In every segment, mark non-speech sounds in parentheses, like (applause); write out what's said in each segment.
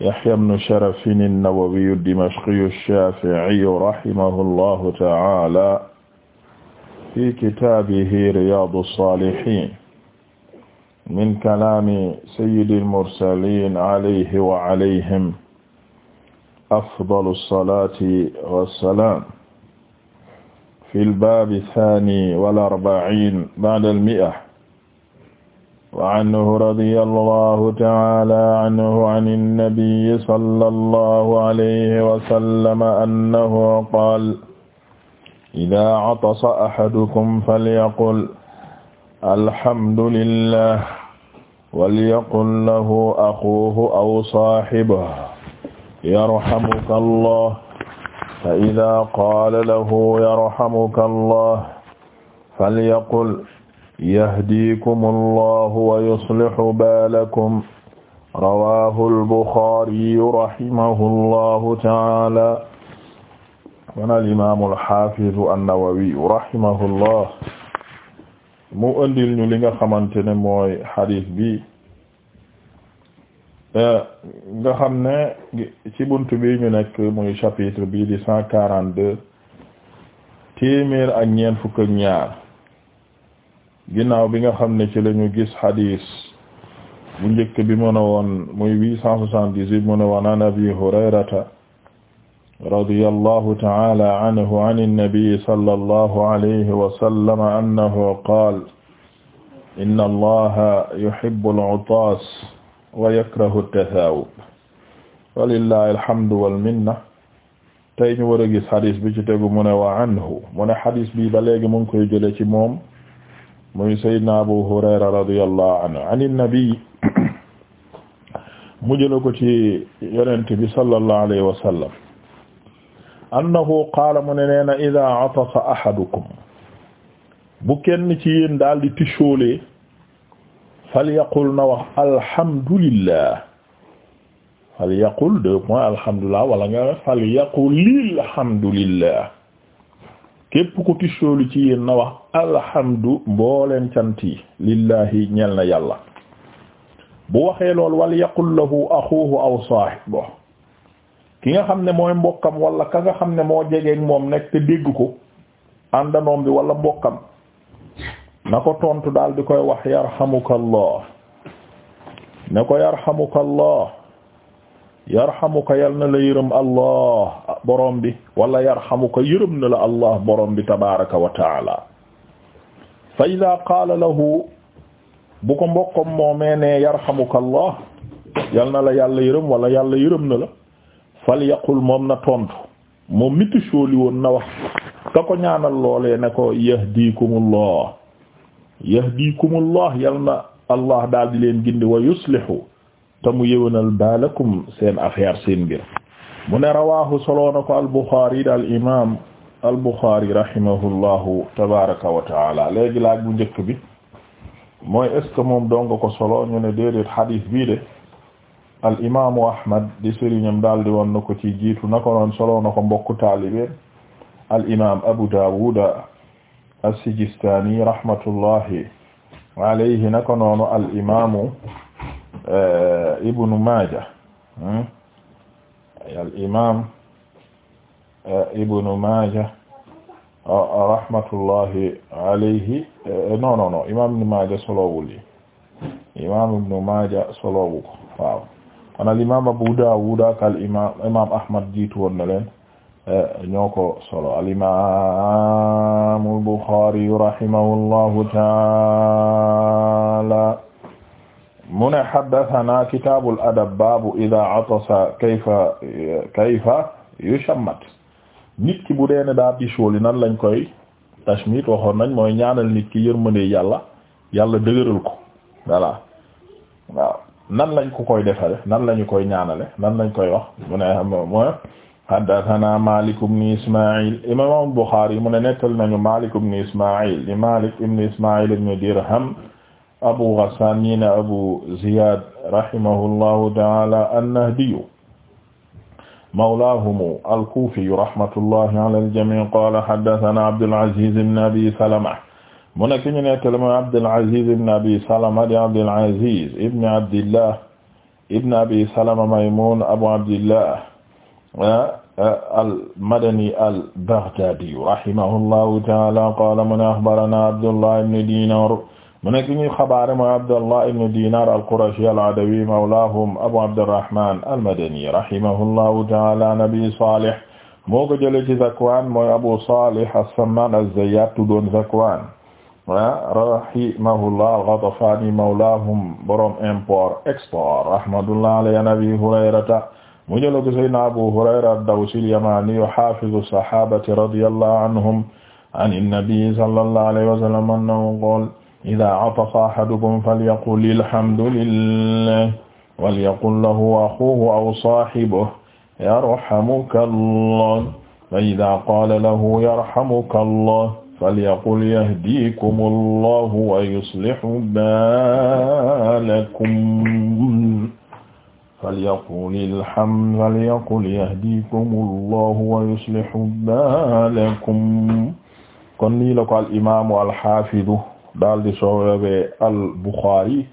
يحيى بن شرف النووي الدمشقي الشافعي رحمه الله تعالى في كتابه رياض الصالحين من كلام سيد المرسلين عليه وعليهم أفضل الصلاة والسلام في الباب الثاني والأربعين بعد المئة وعنه رضي الله تعالى عنه عن النبي صلى الله عليه وسلم أنه قال إذا عطس أحدكم فليقل الحمد لله وليقل له أخوه أو صاحبه يرحمك الله فإذا قال له يرحمك الله فليقل yahdikum allahu wa yuslihu baalakum rawahu albuxaariyu rahimahu allahu taala kon alimamu alxafidu annawawiyu rahimahu allah mu andil ñu li nga xamante ne mooy xadis bi eh, nga xam ne ci buntu bi ñu nekk muy chapitre bi di cent quarante deux téeméer ak ñeent fukk ak ñaar ginnaaw bi nga xam ne ci la ñu gis xadis bu njëkk bi mu ne woon muy huit cent soixante-dix-huit mu ne woon an abi hurayrata radiyallahu ta'ala anhu an an-nabi sallallahu alayhi wa sallam annahu qaala inna allaha yuhibbu al-'utaas wa yakrahu at-tathaawub walillahi alhamdu wal minna tey ñu war a gis xadis bi ci tegu mu ne wa anhu mu ne xadis bi ba léegi mu ngi koy jële ci moom muy sayyidna Abu Hurayra radiyallahu anhu ani nabi mu jëla ko ci yonent bi sallallahu alayhi wa sallam annahu qaala mu ne nee idaa atasa ahadukum bu kenn ci yéen daal di tichoolee falyaqul na wax alhamdulillah falyaqul deux points alhamdulillah wala nga falyaqul lilhamdulillah képp ku tissoolu ci yéen na wax alhamdu mbooleen cant yi lillahi ñeel na yàlla bu waxee lool wal yaqul lahu axuhu aw saahibu ki nga xam ne mooy mbokkam walla ka nga xam ne moo jegeeg moom nekk te dégg ko àndanoom bi wala mbokkam na ko tontu daal di koy wax yarhamukallah ne ko yarhamukallah yarhamuka yal na la yërëm allah borom bi wala yarhamuka yërëm na la allah borom bi tabaraka wa taala fa ida qaala lahu bu ko mbokkam moomee ne yarhamuka allah yal na la yàlla yërëm wala yàlla yërëm na la fal yaqul moom na tontu moom mi tisóoli woon na wax ka ko ñaanal loolee ne ko yahdikumullah yahdikumullah yal na allah daal di leen gindi wa yuslihu te mu yëwanal baalakum seen affaire seen mbir mu ne rawaahu solo na ko al-Bukhari imaam al-Bukhari rahimahullahu tabaaraka wa taala léegi laaj bu njëkk bi mooy est ce moom dong ko solo ñu ne déedéet xadis bii de al imaamu Ahmad di sëriñam daal di woon na ko ci jiitu na ko noon solo na ko mbokku taalibe al imaam Abu Dawud as-Sijistani rahmatullahi alayhi na ko noonu al imaamu. Eh, Ibn Maaja hmm? al imaam eh, Ibn Maaja ah, rahmatullahi alayhi non eh, non non imaam Ibn Maaja solowul yi imaam Ibn Maaja solowu ko waaw kon al imaam Abu Daawud ak al imaam imaam Ahmad jiitu woon na leen ñoo ko solo al imaam al Buxaari rahimahullahu taala mu ne haddathana kitaabul adab baabu idaa atasa kayfa kayfa yushammat nit ki bu dee ne daa bichooli nan lañ koy tashmit waxoon nañ mooy ñaanal nit ki yërmande yàlla yàlla dëgëral ko voilà waaw nan lañ ko koy defale nan lañu koy ñaanale nan lañ koy wax mu ne mooy haddathana Malik ibn Isma'il imam Bukhari mu ne nettal nañu Malik ibn Isma'il di Malik ibn Isma'il ibn Dirham abu ghassan ñi ne abu ziyad rahimahullahu taala annahdiyu mawlaahum alkuufiyu rahmatullahi ala aljamii qaala haddathana abdul aziz ibn abi salama mu nekk ñu nettali mooy abdul aziz ibn abi salama di abdul aziz ibn abdillah ibn abi salama maymun abu abdillah ah, almadani albaghdaadiyu rahimahullahu taala qaala mu ne akhbarana abdullah ibn dinar mu nekk ñuy xabaare mooy Abdallah ibn Dinar al-Qurashi al-Adawi mawlahum Abu Abdurrahman al-Madani rahimahullahu ta'ala nabi Salih moo ko jëlee ci Zakwan mooy Abu Salih as-Samman az-Zayyat tuddoon Zakwan rahimahullah al-Ghatafani mawlahum borom import export rahmatullah alayhi an Abi Hurayrata mu jëlee ko Sayyidina Abu Hurayra ad-Dawsi al-Yamani hafizu as-sahabati radiyallahu anhum an an-nabi sallallahu alayhi wa sallam annahu qala idaa atasa ahadukum falyaqul alhamdulillah walyaqul lahu axuhu aw saahibuhu yarhamuka allah fa idaa qaala lahu yarhamuka allah falyaqul yahdikum allah wa yuslihu baalakum falyaqul alhamd falyaqul yahdikum allah wa yuslihu baalakum kon nii la ko al imaamu al haafidu daal di soowee al Bukhari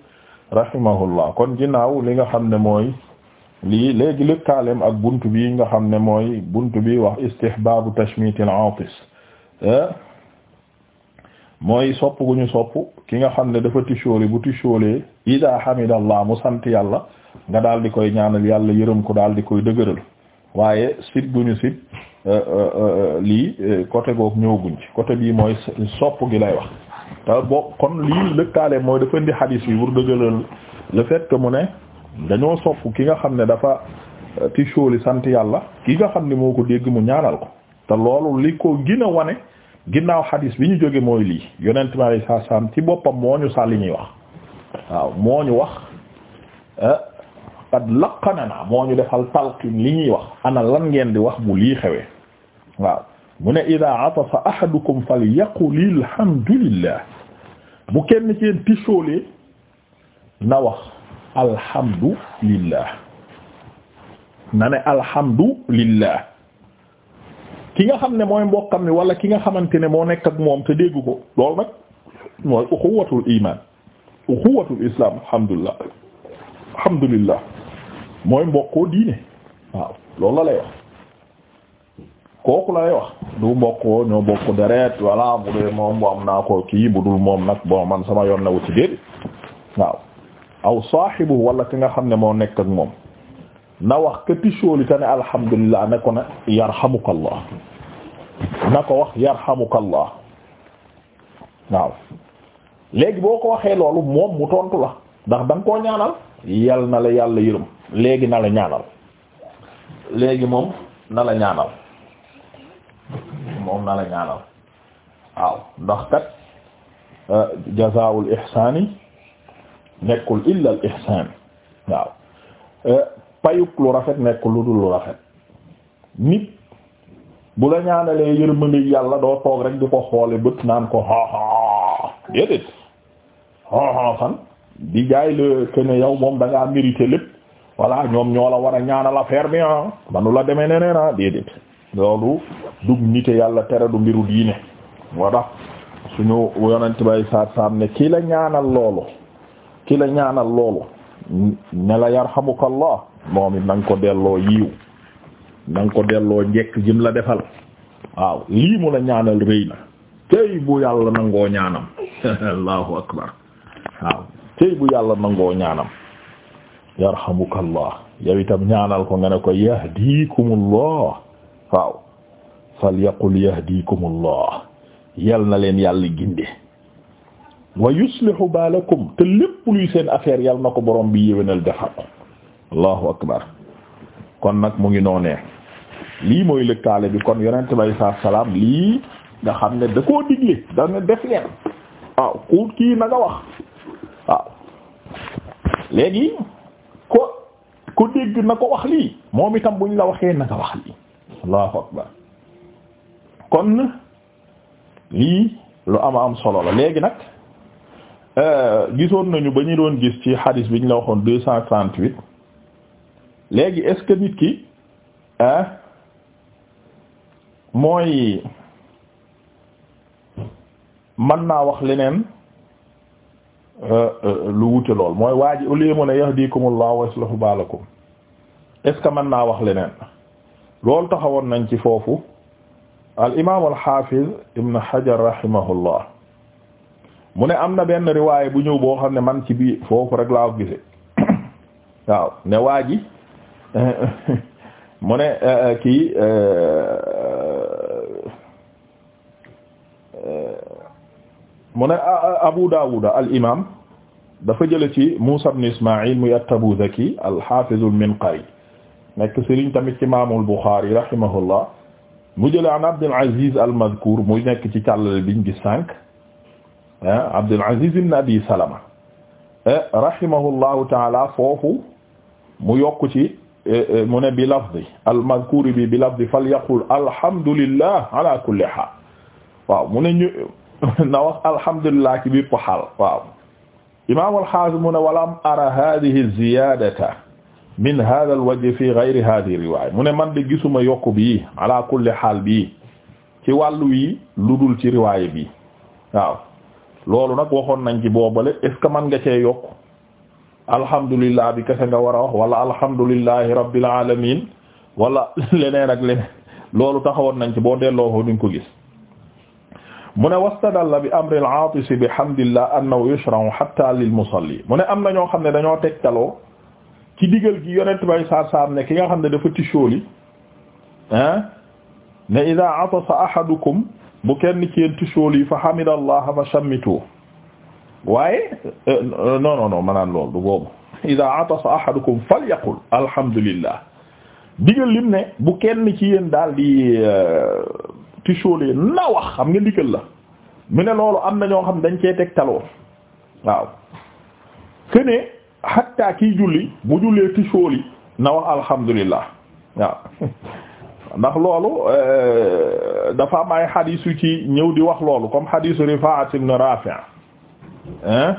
rahimahullah kon ginnaaw li nga xam ne mooy lii léegi lëkkaaleem ak bunt bii nga xam ne mooy bunt bi wax istihbaabu tashmitil aatis eh? mooy sopp gu ñu sopp ki nga xam ne dafa tisóoli bu tisóolee ida hamidallah mu sant yàlla nga daal di koy ñaanal yàlla yërëm ko daal di koy dëgëral waaye sib gu ñu sib eh, eh, lii côté googu ñëw guñ ci côté bii mooy sopp gi lay wax te bokk kon lii lëkkaale mooy dafa indi hadis bi pour dëgëral le fait que mu ne dañoo sopp ki nga xam ne dafa euh, tichooli sant yàlla ki nga xam ne moo ko dégg mu ñaanal ko te loolu li ko gën a wane ginnaaw hadis bi ñu jógee mooy lii yonent mi alayhi salaam ci boppam moo ñu sax li ñuy wax waaw moo ñu wax euh, qad laqanana moo ñu defal talqin li ñuy wax ana lan ngeen di wax bu lii xewee waaw mu ne idaa atafa ahadukum falyaqul alhamdulillah bu kenn ci yéen tisoolee na wax alhamdulillah na ne alhamdulillah ki nga xam ne mooy mbokkam ni wala ki nga xamante ne moo nekk ak moom te dégg ko loolu nag mooy uxuwatul iman uxuwatul islam alhamdulillah alhamdulillah mooy mbokkoo diine waaw loolu la lay wax kooku lay wax du mbokk ñoo bokk deret voilà bu dee moom bu am naa ko kii bu dul moom nag bon man sama yoon newu ci déedéet waaw aw saaxibu wala ki nga xam ne moo nekk ak moom na wax ka tisooli te ne alhamdulillah ne ko ne yarhamukallah na ko wax yarhamukallah waaw léegi boo ko waxee loolu moom mu tontu la ndax da nga koo ñaanal yal na la yàlla yërëm léegi na la ñaanal léegi moom na la ñaanal moom na la ñaanal waaw ndax kat euh, jazaa'ul ihsaani nekkul illa al ihsaan waaw euh, payuk lu rafet nekkul lu dul lu rafet nit bu la ñaanalee yërmande yàlla doo toog rek di ko xoole bët naan ko xooxoo déedéet xooxoo fan di jaay le que ne moom da ngaa mérité lépp ñoom ñoo la war ñaanal affaire bi ah manu la demee nenee na ah, loolu dug nite yàlla tere du mbiru diine moo tax suñu yonent bay saat saam ne ki la ñaanal loolu ki la ñaanal loolu ne la yarhamukallah moom it na nga ko delloo yiiw ko delloo njekk jim la defal waaw lii mu la ñaanal rëy na bu yàlla nangoo ñaanam (laughs) allahu akbar waaw tey bu yàlla nangoo ñaanal ko nga ko yahdikumullah waaw falyaqul yahdikumullah yal na leen yàlla ginde wa yuslihu baalakum te lépp luy seen affaire yal na ko borom bi yéwénal defar ko allahu akbar kon nag mu ngi noonee lii mooy lëkkaale bi kon yonent bay saa salaam lii nga xam ne da koo digle da nga def leen waaw ku kii na wax waaw léegi ko ku dégg na ko wax lii moom itam ñu la waxee na wax lii allahu akbar kon lii lu ama am solo la léegi nag euh, gisoon nañu ba ñu doon gis ci hadis bi ñu la waxoon deux cent trente léegi est-ce que nit ki mooy man naa wax leneen euh, euh, lu wute lool mooy waa ji au lieu mu ne yahdikumullahu wa yuslihu baalakum est-ce que mën naa wax leneen loolu taxawoon nañ ci foofu al imaam al xaafiz ibn hajar rahimahullah mu ne am na benn riwaay bu ñëw boo xam ne man ci bi foofu rek laa ko gise (coughs) waaw ne waa ji (coughs) mu ne eh, eh, kii eh, mu ne ah, ah, Abu Dawud al imaam dafa jële ci Muusa ibn mu muy at-Tabuzaki al xaafiz al Minqari nekk sëriñ tamit ci imaamul Buxaari rahimahullah mu jële an Abdul Aziz al-Madhkur muy nekk ci càllale biñ gis sànq ah Abdul Aziz ibn Abi Salama eh, rahimahullahu taala foofu mu yokk ci eh, mu ne bi lafdi al-Madhkur bi bi lafdi fal yaqul alhamdulillah ala kulli haal waaw mu ne ñu (laughs) na wax alhamdulillah ci bépp xaal waaw imaamul Haazim mu ne walam ara hadhihi ziyadata min hadha alwajh fi ghayri hadhihi riwaaya mu ne man de gisuma yokk bii ala xaal bii ci wàllu wi lu dul ci riwaaya bi waaw loolu nag waxoon nañ ci boobale est ce que man nga cee yokk alhamdulillah bi kese nga war a wax wala alhamdulillahi rabbil alamin wala (laughs) leneen ak leneen loolu taxawoon nañ ci boo delloo foofu gis mu ne wastadalla bi amri al-aatis bi hamdillah annahu yushra'u hatta lil musalli mu ne am na ñoo xam ne dañoo tegtaloo ci digal gi yonent bay saar saar ne ki nga xam ne dafa tisóoli ah ne ida atasa ahadukum bu kenn ci yeen tisóoli fa hamidallah fa shammitu waaye euh, non non non maanaam loolu du boobu ida atasa ahadukum falyaqul alhamdulillah digal lim ne bu kenn ci yeen daal di euh, tisóoli na wax xam nga digal la mu ne loolu am na ñoo xam dañ cee teg taloo waaw kene hatta kii julli bu jullee tisooli na wax alhamdulillah waaw (laughs) ndax loolu euh, dafa am ay xadiis yu ci ñëw di wax loolu comme xadiisu Rifaat ibn Rafi' hein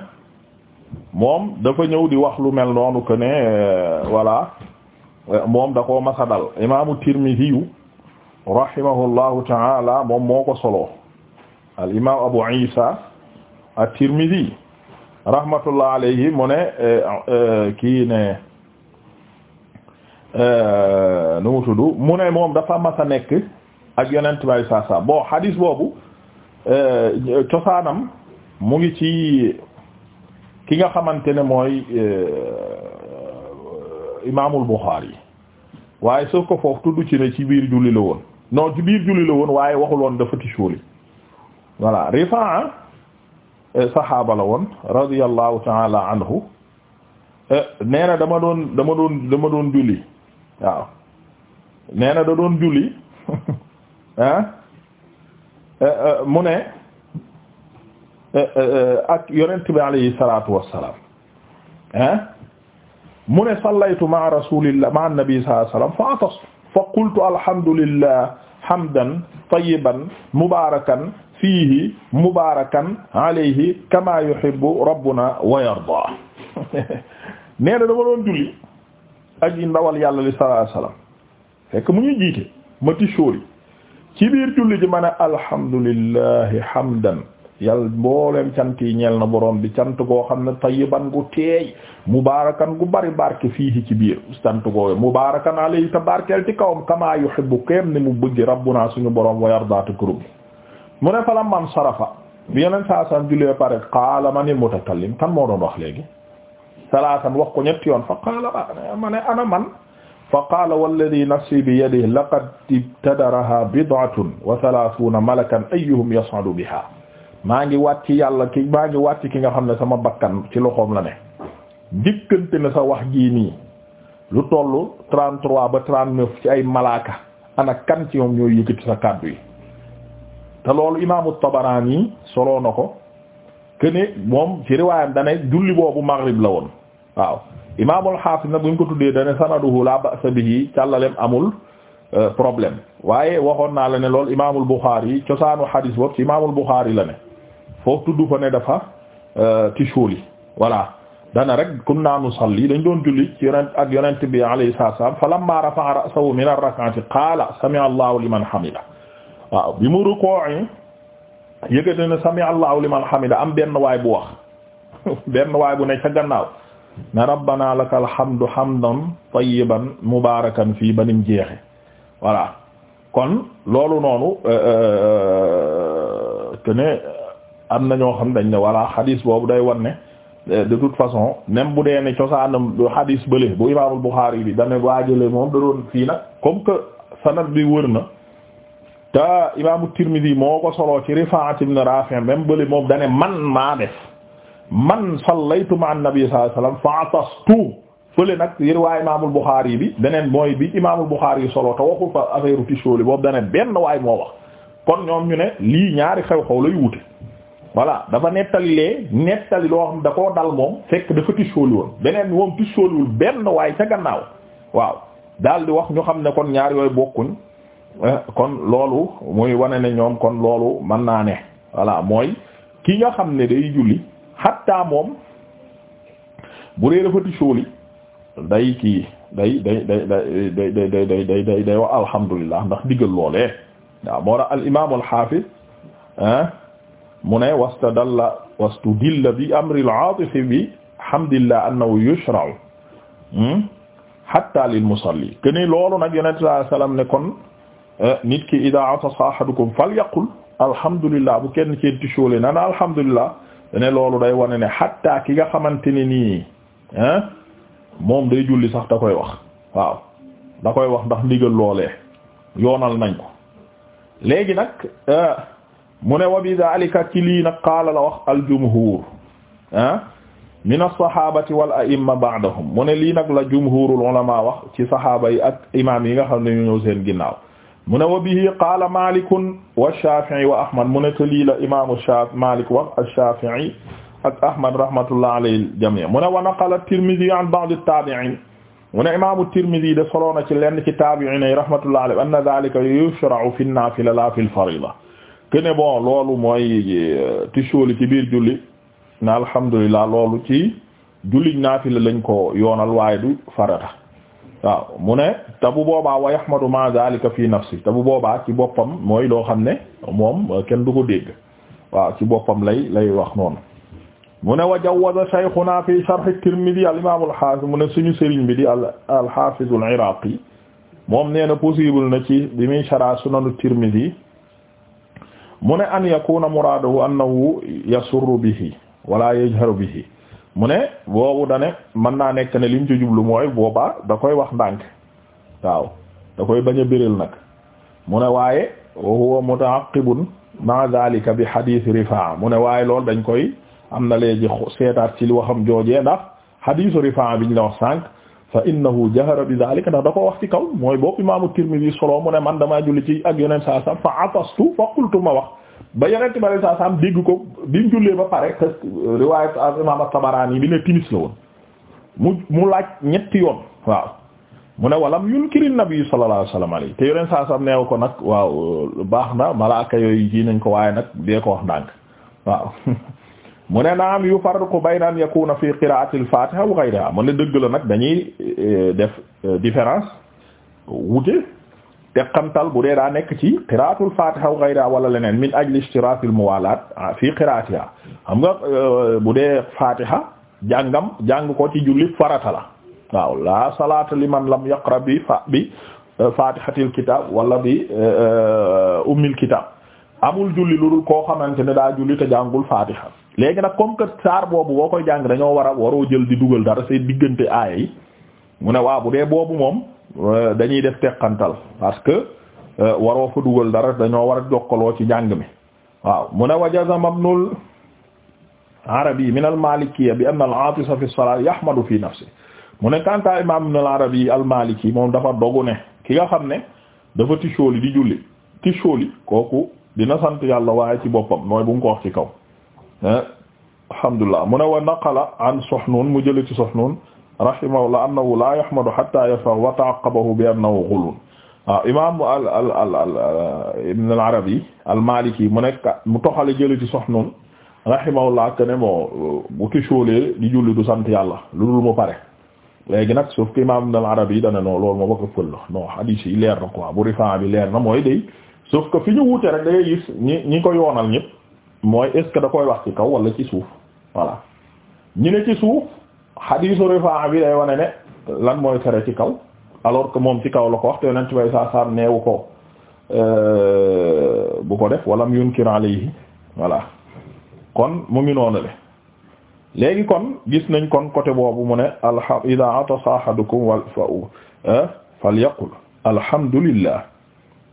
moom dafa ñëw di wax lu mel noonu que ne euh, voilà moom da koo masa dal imaamu Tirmidhi yu rahimahullahu taala moom moo ko solo al imaam Abu Isa at-Tirmidhi rahmatullah alayhi mu ne eh, eh, kii ne eh, nu mu ne moom dafa ma a nekk ak yonent bay saa saa bon hadis boobu cosaanam mu ngi ci ki nga xamante ne mooy imaamul Buxaari waaye soo ko foofu tudd ci ne ci biir julli la woon non ci biir julli la waaye waxul woon dafa tisóoli voilà Rifaa saxaaba la woon radiyallahu taala anhu eh, nee na dama doon dama doon dama doon julli waaw nee na da doon julli (laughs) ah eh, eh, mu ne ak yonent bi alayhi salatu wassalam ah mu ne sallaytu ma'a rasulillah ma'a nabi sallallahu alayhi wasallam fa atas fa qultu alhamdulillah hamdan tayyiban mubarakan fiihi mubaarakan alayhi kama yuhibbu rabbuna wa yarda nee na dama doon julli ak yi ndawal yàlla li sallallahu alayhi wasallam fekk mu ñuy jiite ma tisóori ci biir julli ji ma ne alhamdulillahi hamdan yàlla mbooleem cant yi ñeel na borom bi cant goo xam ne tayyiban gu teey mubaarakan gu bari barke fiihi ci biir cant goo mubaarakan alayhi te barkeel ci kawam kama yuhibbu kem ni mu bëgg rabbuna suñu borom wa yarda te mu ne fa lamman sarafa bi yeneen sa san jullee pare qaala man il mutakallim kan moo doon wax léegi salaatan wax ko ñetti yoon fa qaala ah, ma ne ana man fa qaala walladi nafsi bi yadihi laqad ibtadaraha bid'atun wa thalaathuuna malakan ayyuhum yas'adu biha maa ngi waat ci yàlla ki maa ngi waat ci ki nga xam ne sama bakkan ci loxoom la ne njëkkante na sa wax jii nii lu toll 33 ba 39 ci ay malaaka ana kan ci ñoom ñooy yëkkati sa kàddu yi te loolu imaamu Tabaraani soloo na ko que ne moom ci riwaayam dane julli boobu maghrib la woon waaw imaamul xaafis nag bu ñu ko tuddee dane sanaduhu la ba'sa bihi càllalem amul euh, problème waaye waxoon naa la ne loolu imaamul Buxaari cosaanu xadiis boobu ci imaamul Buxaari la ne foofu tudd fa ne dafa tisóoli euh, voilà dana rek kunna nusalli dañ doon julli ci yonent ak yonent bi alayhi salaam falamma rafa'a ra'sahu min ar-rak'ati qaala sami'a li liman hamida waaw bi mu rukkooyi yëgate ne sami allahu liman hamida am benn waay bu wax (laughs) benn waay bu ne ca gannaaw na rabbana lakal hamdu hamdan tayyiban mubarakan fii ba nim jeexe voilà kon loolu noonu te euh, euh, euh, ne am na ñoo xam dañ ne voilà hadis boobu day wan ne de toute façon même bu dee ne cosaanam hadis bële bu imaamul Buxaari bi dane waajale moom da fii nag comme que sanad bi wër na te imaamu Tirmidi moo ko soloo ci Rifa'at ibn Rafi' même bële moom dane man maa def man sallaytu ma'a an-nabi sallallahu alayhi wasallam fa'atastu fële nag riwaaya imaamul Buxaari bi beneen mooy bi imaamul Buxaari soloo te waxul fa affaire tichooli boobu dane benn waay moo wax kon ñoom ñu ne lii ñaari xew-xew lay wute voilà dafa nettali lee nettali loo xam da koo dal moom fekk dafa tichooli woon beneen moom tichooliwul benn waay ca gannaaw waaw dal di wax ñu xam ne kon ñaar yooyu Eh, kon loolu muy wane ne ñoom kon loolu man naa ne voilà mooy ki nga xam ne day julli xatta moom bu dee dafa day kii day day day day day day day day day wax alhamdulillah ndax diggal loolee waaw moo tax al imaam al xaafis eh, mu ne wastadalla wastudilla bi amri al aatif bi hamdillah annahu yushra'u hmm, hatta lil musalli kene loolu nag yonent sallallahu ne kon Eh, nit ki ida atasa ahadukum falyaqul alhamdulillah bu kenn ci tisole nana alhamdulillah ne loolu day wane ne hatta ki nga xamante ne nii eh, moom day julli sax da koy wax waaw da koy wax ndax ndigal loole yoonal nañ ko léegi nag eh, mu ne wa bi ki lii nag qaala la wax al ah min alsahabati wal aimma baadahum mu ne lii nag la jumhurul ulama wax ci sahaaba yi ak imam yi nga xam ne ñu ñëw seen ginnaaw mu ne wa bihi qaala malikun wa shafi'i wa ahmad mu ne te lii la imaamu shafi malik wax ash-shafi'i ak ahmad rahmatullah alayhi al-jami' mu ne wa naqala at-tirmidhi an ba'd at-tabi'in mu ne imaamu tirmidhi de soloona ci lenn ci tabi'in yi rahmatullah alayhi anna dhalika yushra'u fi an-nafila la fi al-farida kene bon loolu mooy euh, tisóoli ci biir julli na alhamdulillah loolu ci julli naafila lañ ko yoonal waaye du farata waaw mu ne te bu boobaa wa yahmadu ma zalika fi nafsi te bu boobaa ci boppam mooy loo xam ne moom kenn du ko dégg waaw ci boppam lay lay wax noonu mu ne wa jawwaza shaykhuna fi sharh Tirmidhi al imam al hafiz mu ne suñu sëriñ bi di al hafiz al iraqi moom nee na possible na ci bi muy shara sunanu Tirmidhi mu ne an yakuna muraduhu annahu yasurru bihi wala yajharu bihi mu ne boobu da ne mën naa nekk ne lim ci jublu mooy boobaa da koy wax ndànk waaw da koy bañ a biral nag mu ne waaye wa huwa mutaqibun ma zalika bi hadith rifaa mu ne waaye loolu dañ koy am na léegi seetaat ci li waxam joojee ndax hadith rifaa bi ñu la wax sànq fa innahu jahara bi zalika ndax da ko wax ci kaw mooy bopp imaamu yi solo mu ne man dama julli ci ak yeneen saa sa fa atastu fa qultu ma wax ba yonent bi saa saam dégg ko bi jullee ba pare parce que euh, riwaayat imam at bi ne timis la woon mu mu laaj ñetti yoon waaw mu ne walam yunkiri nabi sallallahu alayhi wasallam alay te yonent saa saam neew ko nag waaw euh, baax na malaaka yooyu ji nañ ko waaye nag dee ko wax ndànk waaw (laughs) mu ne naam yufarriqu bayna an yakuna fi qira'ati al-fatiha wa ghayriha mu ne dëgg la nag dañuy euh, def différence wute teqantal bu dee daa nekk ci qiraatul fatiha wa ghayra wala leneen min ajli ishtiraafil muwaalaat fi qiraatiha xam nga euh, bu dee fatiha jàngam jàng ko ci julli farata la waaw laa salaata liman lam yaqra bi fa bi euh, fatihatil kitab wala bi euh, ummil kitab amul julli lu dul koo xamante ne daa julli te jàngul fatiha léegi nag comme que saar boobu boo koy jàng dañoo war a waroo jël di dugal dara say diggante aaya mu ne waaw bu dee boobu moom euh, dañuy def teqantal parce que euh, waroo fa dugal dara dañoo war a jokkaloo ci njàng mi waaw mu ne wa jazama ibnul arabi min al malikiyya bi anna al aatisa fi salaat yahmadu fi nafsi mu ne kanta imam ibnul arabi al maliki moom dafa dogu ne ki nga xam ne dafa tichooli di julli tichooli kooku dina sant yàlla waaye ci boppam mooy bu ko wax ci kaw eh, alhamdulillah mu ne wa naqala an Suhnun mu jële ci Suhnun rahimahullah annahu la yahmadu hatta yarfa wa ta'aqqabahu bi annahu ghulul waaw ah, imam al al al ibn al arabi al maliki mu nekk mu toxale jële ci soxnoon rahimahullah que ne moo bu tisoolee di julli du sant yàlla lu dul mu pare léegi nag sauf que imam ibn al arabi dana non loolu moo bëgg a pël la non yi leer na quoi bu rifan bi leer na mooy day sauf que fi ñu wuute rek da ngay ñi ñi ko yoonal ñëpp mooy est ce que da koy wax ci kaw wala ci suuf voilà ñu ne ci suuf xadiisu Rifaa bi day wane ne lan mooy tere ci kaw alors que moom ci kaw la ko wax te yonent sa saa saam neewu ko euh, bu def walam yunkir alayhi voilà kon mu ngi noonu le léegi kon gis nañ kon côté boobu mu ne alha ida atasa ahadukum wal fa euh, falyaqul alhamdulillah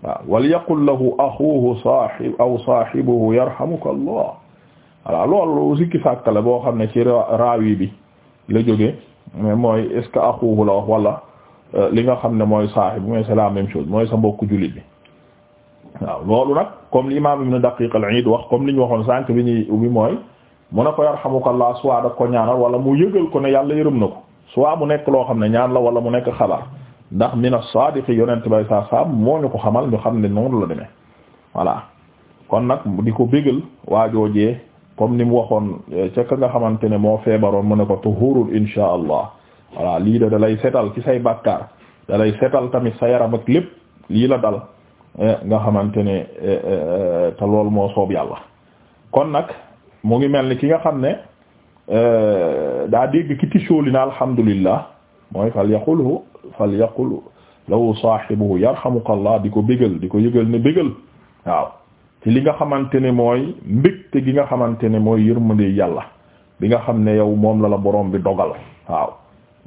waaw walyaqul lahu axuhu saaxib aw saaxibuhu yarhamuka allah loolu sikki boo xam ne ci raawi bi la jóge mais mooy est-ce que axuhu la wax wala euh, li nga xam ne mooy saahibu mais c'est la même chose mooy sa mbokku jullit bi waaw loolu nag comme l'imam ibn Daqiq al-Eid wax comme li ñu waxoon sànq bi ñuy bi mooy mu ne ko yarhamukallah soit daf ko ñaanal wala mu yëgal ko ne yàlla yërëm na ko soit mu nekk loo xam ne ñaan la wala mu nekk xabaar ndax min as-sadiqi yonent bay saa saam moo ñu ko xamal ñu xam ne noonu la demee voilà kon nag di ko bégal waajoojee comme ni mu waxoon eh, ca nga xamante ne moo feebaroon mu ne ko tuhurul insha allah voilà lii da dalay setal ci say bàkkaar dalay setal tamit sa yaram ak lépp lii la dal eh, nga xamante ne eh, te lool moo soob yàlla kon nag mu ngi mel ni ki nga xam ne daa dégg ki tisooli na alhamdulillah mooy fal yaqulhu fal yaqul lahu saahibuhu yarhamukallah di ko bégal di ko yëgal ne bégal waaw ci li nga xamante ne mooy mbégte gi nga xamante ne mooy yër yërmande yàlla bi nga xam ne yow moom la la borom bi dogal waaw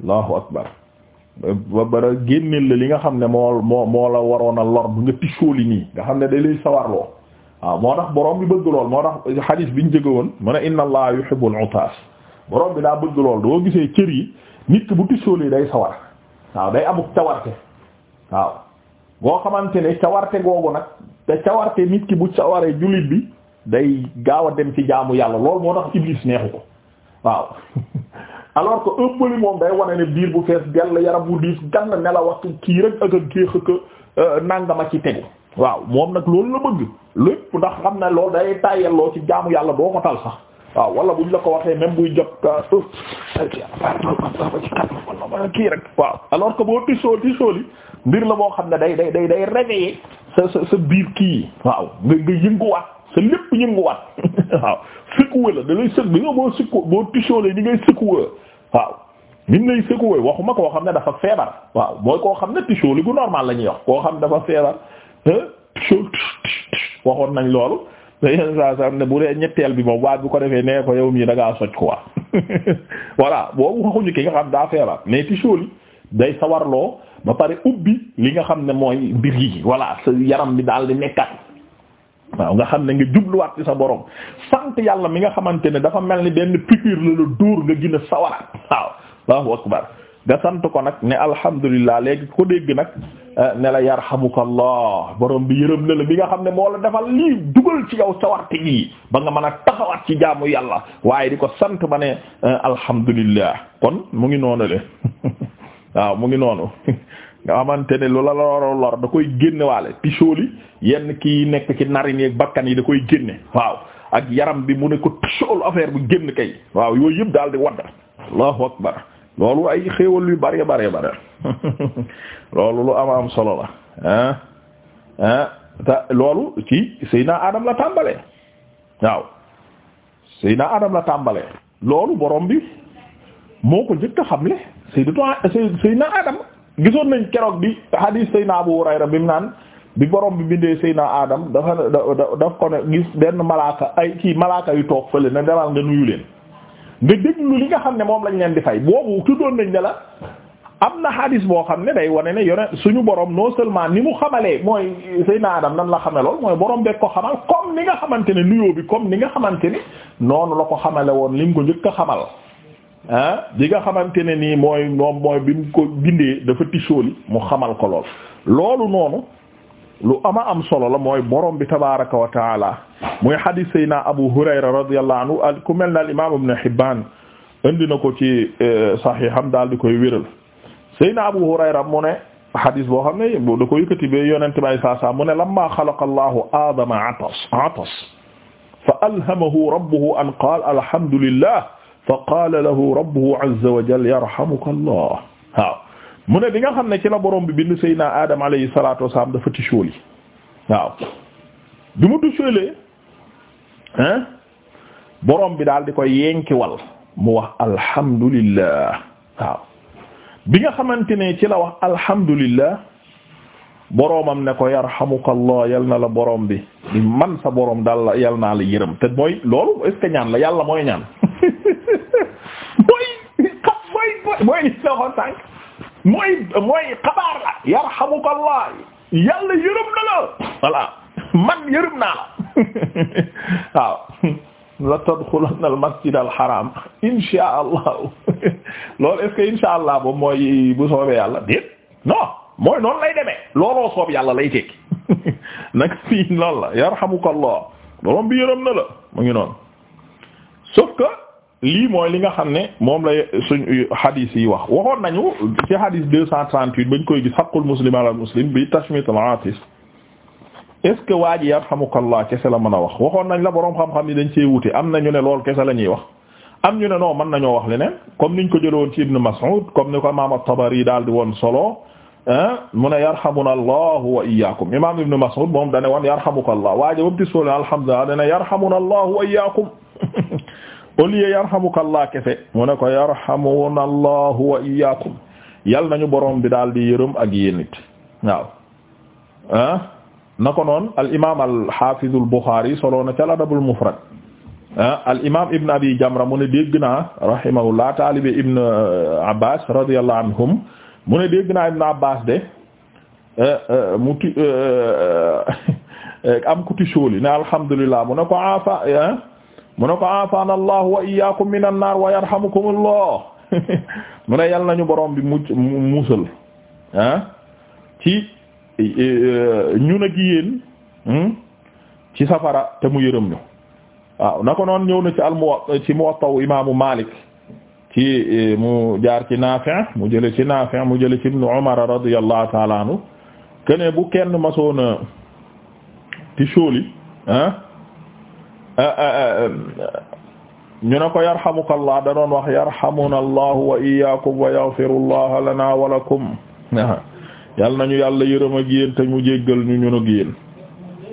allahu akbar ba bara génneel la li nga xam ne moo moo moo la waroon a lor bu nga tisooli nii nga xam ne da lay sawarloo waaw moo tax borom bi bëgg lool moo tax xadiis biñ jóge woon mu ne inna allaha yuhibbul utaas borom bi daa bëgg lool doo gisee cër yi nit ki bu tisooli day sawar waaw day amuk cawarte waaw boo xamante ne te cawarte nit ki bu cawaree jullit bi day gaaw a dem ci jaamu yàlla loolu moo tax iblis neexu ko waaw (laughs) alors que ëppali moom day wane ne biir bu fees dell yaram wu diis gann ne la wax kii rek ak ak kii xëkk euh, nangama ci tegu waaw moom nag loolu la bëgg lépp ndax xam ne lool day tàyyelloo ci jaamu yàlla doo ko tal sax waaw wala buñ la ko waxee même buy jot ka kii rek waaw alors que boo tisoo tisoo li mbir la boo xam ne day day day day réveiller sa sa sa biir kii waaw nga nga yënguwaat sa lépp yënguwaat (laughs) waaw secouer la da lay sëg nga boo sikku boo tisoo li waaw nin lay secouer waxuma koo xam ne dafa feebar waaw mooy koo xam ne tisoo li gu normal la ñuy wax koo xam ne dafa feebar tisoo waxoon nañ loolu te yenn saa saa bu dee ñetteel bi moom waat bu ko defee nee ko yow mii da ngaa socc quoi (laughs) voilà boobu waxuñu ki nga xam daa feebar mais tissu day sawarloo ba pare ubbi li nga xam ne mooy mbir yi voilà sa yaram bi daal di nekkat waaw nga xam ne nga jubluwaat ci sa borom sant yàlla mi nga xamante ne dafa mel ni benn piqûre la la dóor nga gën a sawaraat waaw Allahu akbar nga sant ko nag ne alhamdulillah léegi ko dégg nag. Eh, ne la yarhamukallah borom bi yërëm na la bi nga xam ne moo la defal lii dugal ci yow sawarte gi ba nga mën a taxawaat ci jaamu yàlla waaye di ko sant ba ne eh, alhamdulillah kon mu ngi noonu le (laughs) waaw mu ngi noonu (laughs) nga xamante ne lu la lor lor da koy génnewaale pichooli yenn kii nekk ci narin yi bakkan yi da koy génne waaw ak yaram bi mu ne ko pichool affaire bu génn kay waaw yooyu yëpp daal di wadd allahu akbar loolu ay xéewal yu bare bare bare (laughs) loolu lu am am solo la ah ah te loolu ci Seydina Adam la tàmbalee waaw Seydina Adam la tàmbalee loolu borom bi moo ko njëkk a xamle Seydina Seydina Adam gisoon nañ keroog bi hadis Seydina Abu Hurayra bi mu naan bi borom bi bindee Seydina Adam dafa da daf ko gis benn malaaka ay kii malaaka yu toog fële ne demal nga nuyu leen nga déglu li nga xam ne moom lañ leen di fay boobu tuddoon nañ ne la am na hadis boo xam ne day wane ne yone suñu borom noo seulement ni mu xamalee mooy Seydina Adam nan la xame lool mooy borom beeg ko xamal comme ni nga xamante ne nuyoo bi comme ni nga xamante ne noonu la ko xamale woon li mu ko njëkk a xamal ah bi nga xamante ne nii mooy moom mooy bi mu ko bindee dafa tisóoli mu xamal ko lool loolu noonu. lu ama am solo la mooy borom bi tabaraka wa taala muy hadis sayna Abu Hurayra radiyallahu anhu al ku mel na al imam Ibn Hibban indi na ko ci e, sahiham daal di koy wéral sayna Abu Hurayra mu ne hadis boo xam ne da ko yëkkati ba yonente bay saa saa mu ne lamma xalaqa allahu aadama atas atas fa alhamahu rabbuhu an qaala alhamdulillah fa qaala lahu rabbuhu azza wa jalla yarhamuka allah waaw mu ne bi nga xam ne ci la borom bi bind Seydina Adam alayhi salaatu wasalaam dafa tichooli waaw bi mu tichoolee hein borom bi daal di koy yenkiwal mu wax alhamdulillah waaw bi nga xamante ne ci la wax alhamdulillah boromam ne ko yarhamukallah yal na la borom bi di man sa borom daal la yal naa la yërëm te mooy loolu est-ce ñaan la yàlla mooy ñaan (laughs) mooy mooy mooy li ñu waxoon mooy mooy xabaar la yarhamukallah yàlla na la voilà man yërëm naa la (laughs) waaw la tadxulanna al masjid al haram insha allah (laughs) loolu est-ce que insha allah mooy bu soobee yàlla déet non mooy noonu lay demee looloo soob yàlla lay tekki (laughs) nag fii loolu la yarhamukallah borom bi yërëm na la mu ngi noonu lii mooy li nga xam ne moom la suñ hadith yi wax waxoon nañu ci hadith deux cent trente-huit bañ koy gis haqqul muslim ala muslim bi tashmit al atis est que waa ji yarhamukallah kese la mën a wax waxoon nañ la boroom xam-xam yi dañ cee wute am na ñu ne lool kese la ñuy wax am ñu ne non mën nañoo wax leneen comme niñ ko jëlee woon ci Ibn Mas'ud comme ni ko imaam at-Tabari daal di woon solo mu ne yarhamuna allah wa iyyakum imaam Ibn Mas'ud moom dane woon yarhamukallah waa ji ba mu tis soo ne alhamdulillah dane yarhamuna allah wa iyyakum (laughs) au lieu yarhamukallah kese mu ko yarhamuna allahu wa iyyakum yal nañu borom bi daal di yërëm ak yéen it waaw ah na ko noon al imaam al haafidh al solo na ca Adabul al imaam Ibn Abi Jamra mu ne dégg naa rahimahullah Ibn euh, Abbas radiyallahu anhum mu ne Ibn Abbas de euh, euh, (laughs) am ku ti ne alhamdulillah mu ne ko afa mu ne ko afaana allah wa iyaakum min an wa yarhamukum allah (laughs) mu ne yal nañu borom bi mucc musal ah ci eh, ñun ak yéen hmm, ci safara te mu yërëm ñu waaw na ko noon ñëw na ci al muwatta ci muwatta imaamu Maalik ci eh, mu jaar ci Naafi' mu jële ci Naafi' mu jële ci ibnu Umar radiyallahu ta'ala anhu bu kenn masoona ti shooli ah Eh, eh, eh, ñu ne ko yarhamukallah da doon wax yarhamuna allahu wa iyyakum wa yaghfirullah lana wa lakum yal nañu yàlla yërëm a yéen te mu jéggal ñu ñun ak yéen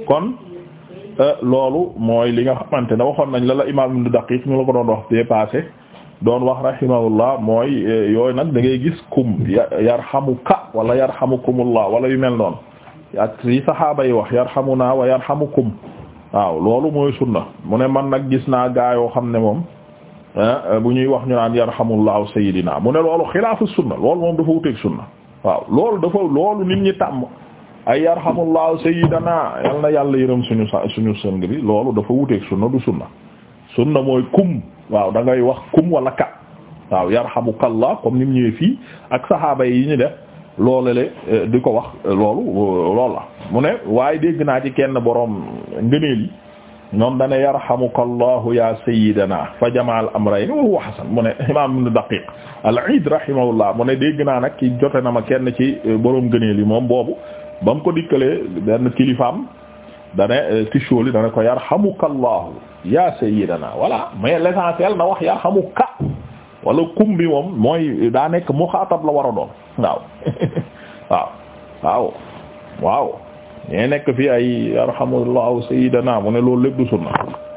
kon loolu mooy li nga xamante na waxoon nañ lala la imaam Ibn Daqiq ñu la ko doon wax bee passé doon wax rahimahullah mooy yooyu nag da ngay gis kum yarhamuka wala yarhamukumullah wala yu mel noonu ak yi saxaaba yi wax yarhamuna wa yarhamukum waaw loolu mooy sunna mu ne man nag gis naa gaa yoo xam ne moom ah, bu ñuy wax ñu naan yarhamullahu sayidina mu ne loolu xilaafu sunna loolu moom dafa wuteeg sunna waaw loolu dafa loolu nit ñi tàmm ay yarhamullahu sayidana yal na yàlla yërëm suñu sa suñu sëng bi loolu dafa wuteeg sunna du sunna sunna mooy kum waaw da ngay wax kum wala ka waaw yarhamukallah comme ni mu ñëwee fii ak saxaaba yi ñu def loolu eh, di ko wax eh, loolu eh, loola mu ne waaye dégg naa ci kenn boroom ngëneel yi dane yarhamuka allahu ya sayidana fa jamaa al amrayn wa huwa hasan mu ne imam ibn daqiq al iid mu ne dégg naa ki jote na ma kenn ci boroom ngëneel yi moom boobu ba mu ko dikkalee benn kilifaam dane tichooli dane ko yarhamuka allahu ya sayidana voilà mais l'essentiel na wax yarhamuka wala kum bi moom mooy daa nekk muxaatab la war a doon waaw waaw waaw waaw ñee nekk fi ay arhamullahu sayyidana mu ne loolu lépp du sunna